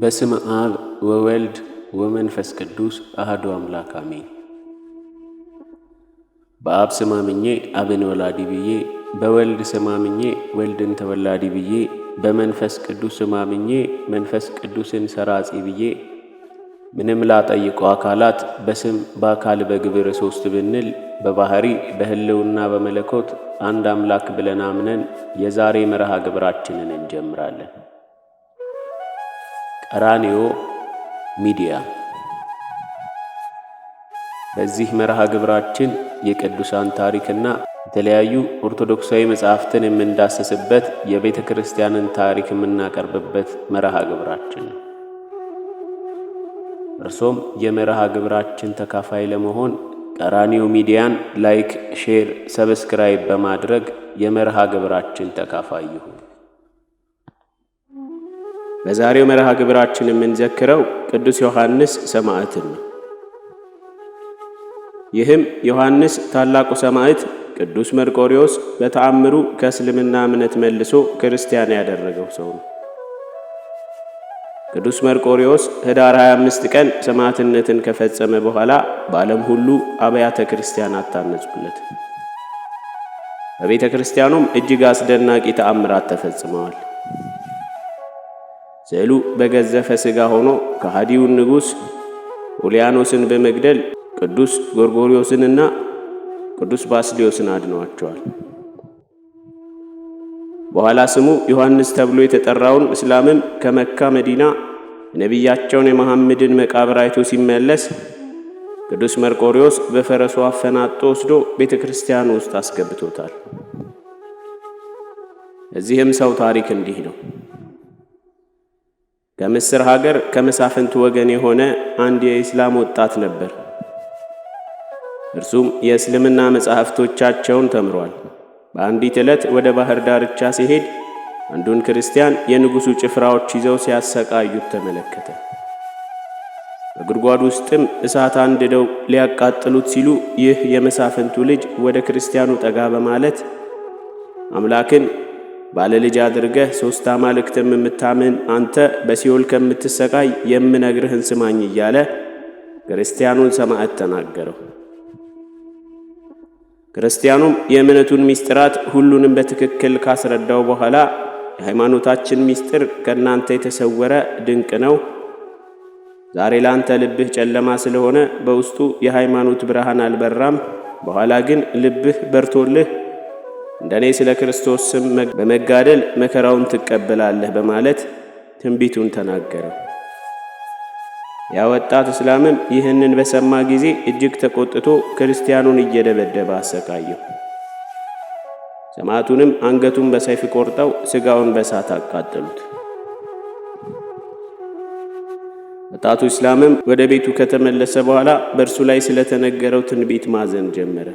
በስም አብ ወወልድ ወመንፈስ ቅዱስ አህዶ አምላክ አሜን። በአብ ስማምኜ አብን ወላዲ ብዬ፣ በወልድ ስማምኜ ወልድን ተወላዲ ብዬ፣ በመንፈስ ቅዱስ ስማምኜ መንፈስ ቅዱስን ሰራጺ ብዬ ምንም ላጠይቁ አካላት በስም በአካል በግብር ሶስት ብንል በባህሪ በህልውና በመለኮት አንድ አምላክ ብለን አምነን የዛሬ መርሃ ግብራችንን እንጀምራለን። ራኒዮ ሚዲያ። በዚህ መርሃ ግብራችን የቅዱሳን ታሪክና የተለያዩ ኦርቶዶክሳዊ መጽሐፍትን የምንዳሰስበት የቤተ ክርስቲያንን ታሪክ የምናቀርብበት መርሃ ግብራችን ነው። እርሶም የመርሃ ግብራችን ተካፋይ ለመሆን ቀራኒዮ ሚዲያን ላይክ፣ ሼር፣ ሰብስክራይብ በማድረግ የመርሃ ግብራችን ተካፋይ ይሁን። በዛሬው መርሃ ግብራችን የምንዘክረው ቅዱስ ዮሐንስ ሰማዕትን ነው። ይህም ዮሐንስ ታላቁ ሰማዕት ቅዱስ መርቆሪዎስ በተአምሩ ከእስልምና እምነት መልሶ ክርስቲያን ያደረገው ሰው ነው። ቅዱስ መርቆሪዎስ ኅዳር 25 ቀን ሰማዕትነትን ከፈጸመ በኋላ በዓለም ሁሉ አብያተ ክርስቲያናት ታነጹለት። በቤተ ክርስቲያኑም እጅግ አስደናቂ ተአምራት ተፈጽመዋል። ስዕሉ በገዘፈ ሥጋ ሆኖ ከሃዲውን ንጉሥ ኡልያኖስን በመግደል ቅዱስ ጎርጎሪዮስንና ቅዱስ ባስልዮስን አድነዋቸዋል። በኋላ ስሙ ዮሐንስ ተብሎ የተጠራውን እስላምም ከመካ መዲና ነቢያቸውን የመሐመድን መቃብር አይቶ ሲመለስ ቅዱስ መርቆሪዎስ በፈረሱ አፈናጦ ወስዶ ቤተ ክርስቲያን ውስጥ አስገብቶታል። እዚህም ሰው ታሪክ እንዲህ ነው። ከምስር ሀገር ከመሳፍንት ወገን የሆነ አንድ የኢስላም ወጣት ነበር። እርሱም የእስልምና መጻሕፍቶቻቸውን ተምሯል። በአንዲት ዕለት ወደ ባህር ዳርቻ ሲሄድ አንዱን ክርስቲያን የንጉሡ ጭፍራዎች ይዘው ሲያሰቃዩት ተመለከተ። በጉድጓድ ውስጥም እሳት አንድደው ሊያቃጥሉት ሲሉ ይህ የመሳፍንቱ ልጅ ወደ ክርስቲያኑ ጠጋ በማለት አምላክን ባለ ልጅ አድርገህ ሦስት አማልክትም የምታምን አንተ በሲኦል ከምትሰቃይ የምነግርህን ስማኝ እያለ ክርስቲያኑን ሰማዕት ተናገረው። ክርስቲያኑም የእምነቱን ምስጢራት ሁሉንም በትክክል ካስረዳው በኋላ የሃይማኖታችን ምስጢር ከእናንተ የተሰወረ ድንቅ ነው። ዛሬ ለአንተ ልብህ ጨለማ ስለሆነ በውስጡ የሃይማኖት ብርሃን አልበራም። በኋላ ግን ልብህ በርቶልህ እንደ እኔ ስለ ክርስቶስ ስም በመጋደል መከራውን ትቀበላለህ በማለት ትንቢቱን ተናገረ። ያ ወጣት እስላምም ይህንን በሰማ ጊዜ እጅግ ተቆጥቶ ክርስቲያኑን እየደበደበ አሰቃየው። ሰማዕቱንም አንገቱን በሰይፍ ቆርጠው ሥጋውን በሳት አቃጠሉት። ወጣቱ እስላምም ወደ ቤቱ ከተመለሰ በኋላ በእርሱ ላይ ስለተነገረው ትንቢት ማዘን ጀመረ።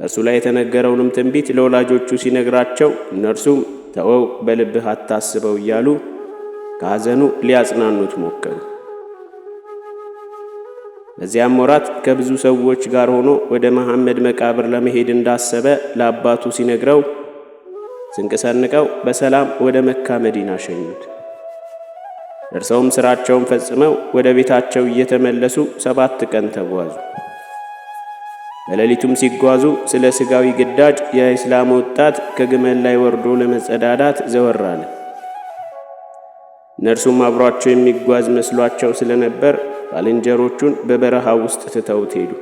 በእርሱ ላይ የተነገረውንም ትንቢት ለወላጆቹ ሲነግራቸው እነርሱም ተወው፣ በልብህ አታስበው እያሉ ከሐዘኑ ሊያጽናኑት ሞከሩ። በዚያም ወራት ከብዙ ሰዎች ጋር ሆኖ ወደ መሐመድ መቃብር ለመሄድ እንዳሰበ ለአባቱ ሲነግረው ስንቅ ሰንቀው በሰላም ወደ መካ መዲና ሸኙት። ደርሰውም ሥራቸውን ፈጽመው ወደ ቤታቸው እየተመለሱ ሰባት ቀን ተጓዙ። በሌሊቱም ሲጓዙ ስለ ስጋዊ ግዳጅ የእስላም ወጣት ከግመል ላይ ወርዶ ለመጸዳዳት ዘወር አለ። እነርሱም አብሯቸው የሚጓዝ መስሏቸው ስለነበር ባልንጀሮቹን በበረሃ ውስጥ ትተውት ሄዱ።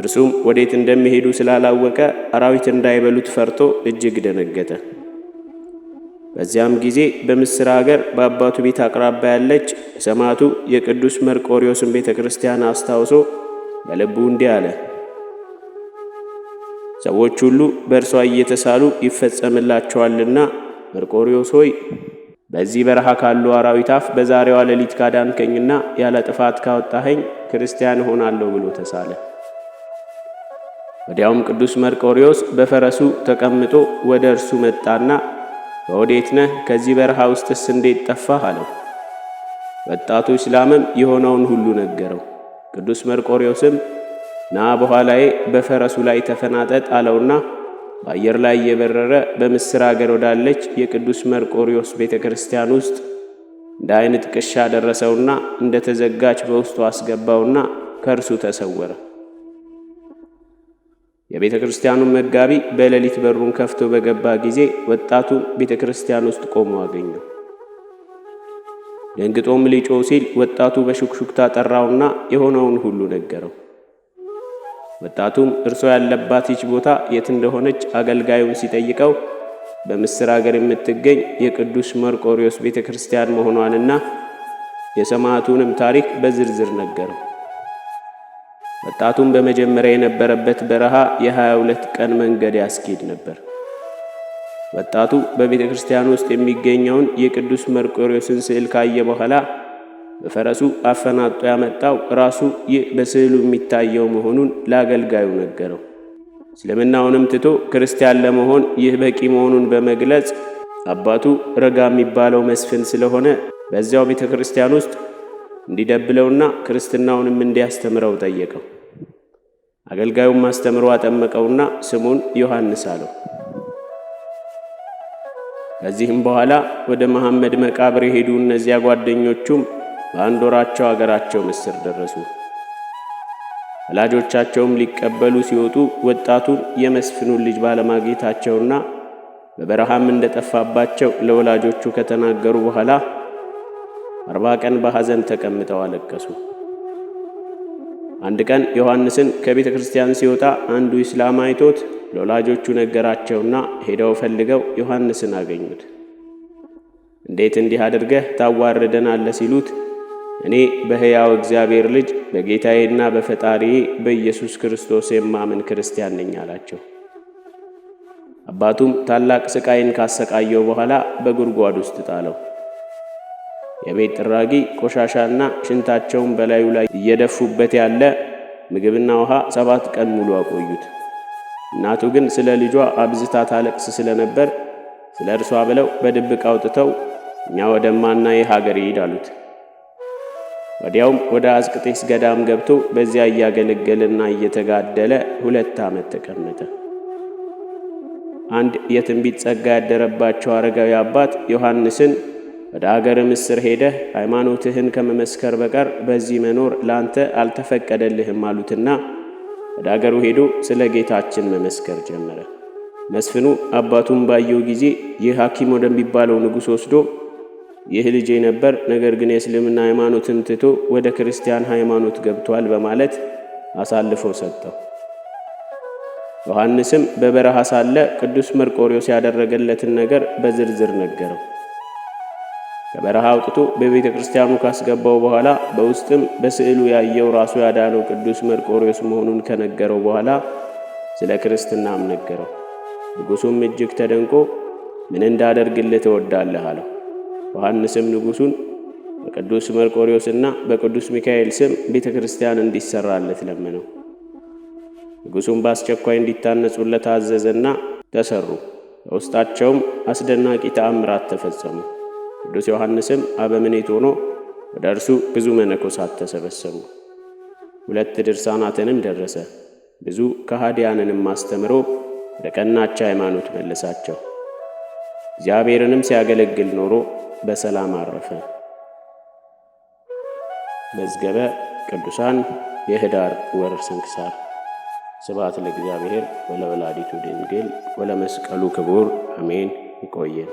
እርሱም ወዴት እንደሚሄዱ ስላላወቀ አራዊት እንዳይበሉት ፈርቶ እጅግ ደነገጠ። በዚያም ጊዜ በምስር አገር በአባቱ ቤት አቅራቢያ ያለች ሰማዕቱ የቅዱስ መርቆሪዎስን ቤተ ክርስቲያን አስታውሶ በልቡ እንዲህ አለ፣ ሰዎች ሁሉ በእርሷ እየተሳሉ ይፈጸምላቸዋልና። መርቆሪዎስ ሆይ በዚህ በረሃ ካሉ አራዊት አፍ በዛሬዋ ሌሊት ካዳንከኝና ያለ ጥፋት ካወጣኸኝ ክርስቲያን እሆናለሁ ብሎ ተሳለ። ወዲያውም ቅዱስ መርቆሪዎስ በፈረሱ ተቀምጦ ወደ እርሱ መጣና በወዴት ነህ? ከዚህ በረሃ ውስጥስ እንዴት ጠፋህ? አለው። ወጣቱ ስላምም የሆነውን ሁሉ ነገረው። ቅዱስ መርቆሪዮስም ና በኋላዬ በፈረሱ ላይ ተፈናጠጥ አለውና በአየር ላይ እየበረረ በምስር አገር ወዳለች የቅዱስ መርቆሪዎስ ቤተ ክርስቲያን ውስጥ እንደ ዓይን ጥቅሻ ደረሰውና እንደ ተዘጋች በውስጡ አስገባውና ከእርሱ ተሰወረ። የቤተ ክርስቲያኑን መጋቢ በሌሊት በሩን ከፍቶ በገባ ጊዜ ወጣቱ ቤተ ክርስቲያን ውስጥ ቆሞ አገኘው። ደንግጦም ሊጮ ሲል ወጣቱ በሹክሹክታ ጠራውና የሆነውን ሁሉ ነገረው። ወጣቱም እርሶ ያለባት ይች ቦታ የት እንደሆነች አገልጋዩን ሲጠይቀው በምስር አገር የምትገኝ የቅዱስ መርቆሪዎስ ቤተ ክርስቲያን መሆኗንና የሰማዕቱንም ታሪክ በዝርዝር ነገረው። ወጣቱም በመጀመሪያ የነበረበት በረሃ የ22 ቀን መንገድ ያስኬድ ነበር። ወጣቱ በቤተ ክርስቲያን ውስጥ የሚገኘውን የቅዱስ መርቆሪዎስን ስዕል ካየ በኋላ በፈረሱ አፈናጦ ያመጣው ራሱ ይህ በስዕሉ የሚታየው መሆኑን ለአገልጋዩ ነገረው። እስልምናውንም ትቶ ክርስቲያን ለመሆን ይህ በቂ መሆኑን በመግለጽ አባቱ ረጋ የሚባለው መስፍን ስለሆነ በዚያው ቤተ ክርስቲያን ውስጥ እንዲደብለውና ክርስትናውንም እንዲያስተምረው ጠየቀው። አገልጋዩም አስተምሮ አጠመቀውና ስሙን ዮሐንስ አለው። ከዚህም በኋላ ወደ መሐመድ መቃብር የሄዱ እነዚያ ጓደኞቹም በአንድ ወራቸው አገራቸው ምስር ደረሱ። ወላጆቻቸውም ሊቀበሉ ሲወጡ ወጣቱን የመስፍኑን ልጅ ባለማግኘታቸውና በበረሃም እንደጠፋባቸው ለወላጆቹ ከተናገሩ በኋላ አርባ ቀን በሐዘን ተቀምጠው አለቀሱ። አንድ ቀን ዮሐንስን ከቤተ ክርስቲያን ሲወጣ አንዱ ኢስላም አይቶት ለወላጆቹ ነገራቸውና ሄደው ፈልገው ዮሐንስን አገኙት። እንዴት እንዲህ አድርገህ ታዋርደናለህ ሲሉት እኔ በሕያው እግዚአብሔር ልጅ በጌታዬና በፈጣሪዬ በኢየሱስ ክርስቶስ የማምን ክርስቲያን ነኝ አላቸው። አባቱም ታላቅ ስቃይን ካሰቃየው በኋላ በጉድጓድ ውስጥ ጣለው። የቤት ጥራጊ ቆሻሻና ሽንታቸውን በላዩ ላይ እየደፉበት ያለ ምግብና ውሃ ሰባት ቀን ሙሉ አቆዩት። እናቱ ግን ስለ ልጇ አብዝታ ታለቅስ ስለነበር ስለ እርሷ ብለው በድብቅ አውጥተው እኛ ወደማና ይህ ሀገር ይሂድ አሉት። ወዲያውም ወደ አዝቅጤስ ገዳም ገብቶ በዚያ እያገለገለና እየተጋደለ ሁለት ዓመት ተቀመጠ። አንድ የትንቢት ጸጋ ያደረባቸው አረጋዊ አባት ዮሐንስን ወደ አገር ምስር ሄደህ ሃይማኖትህን ከመመስከር በቀር በዚህ መኖር ላንተ አልተፈቀደልህም አሉትና ወደ አገሩ ሄዶ ስለ ጌታችን መመስከር ጀመረ። መስፍኑ አባቱን ባየው ጊዜ ይህ ሐኪም ወደሚባለው ንጉሥ ወስዶ ይህ ልጄ ነበር፣ ነገር ግን የእስልምና ሃይማኖትን ትቶ ወደ ክርስቲያን ሃይማኖት ገብቷል በማለት አሳልፎ ሰጠው። ዮሐንስም በበረሃ ሳለ ቅዱስ መርቆሪዎስ ያደረገለትን ነገር በዝርዝር ነገረው። ከበረሃ አውጥቶ በቤተ ክርስቲያኑ ካስገባው በኋላ በውስጥም በስዕሉ ያየው ራሱ ያዳነው ቅዱስ መርቆሬዎስ መሆኑን ከነገረው በኋላ ስለ ክርስትናም ነገረው። ንጉሡም እጅግ ተደንቆ ምን እንዳደርግልህ ትወዳለህ አለው። ዮሐንስም ንጉሡን በቅዱስ መርቆሬዎስና በቅዱስ ሚካኤል ስም ቤተ ክርስቲያን እንዲሰራለት ለመነው። ንጉሡም በአስቸኳይ እንዲታነጹለት አዘዘና ተሰሩ። በውስጣቸውም አስደናቂ ተአምራት ተፈጸሙ። ቅዱስ ዮሐንስም አበምኔት ሆኖ ወደ እርሱ ብዙ መነኮሳት ተሰበሰቡ። ሁለት ድርሳናትንም ደረሰ። ብዙ ከሃዲያንንም አስተምሮ ወደ ቀናች ሃይማኖት መለሳቸው። እግዚአብሔርንም ሲያገለግል ኖሮ በሰላም አረፈ። መዝገበ ቅዱሳን የህዳር ወር ስንክሳር። ስብሐት ለእግዚአብሔር ወለወላዲቱ ድንግል ወለመስቀሉ ክቡር አሜን። ይቆየን።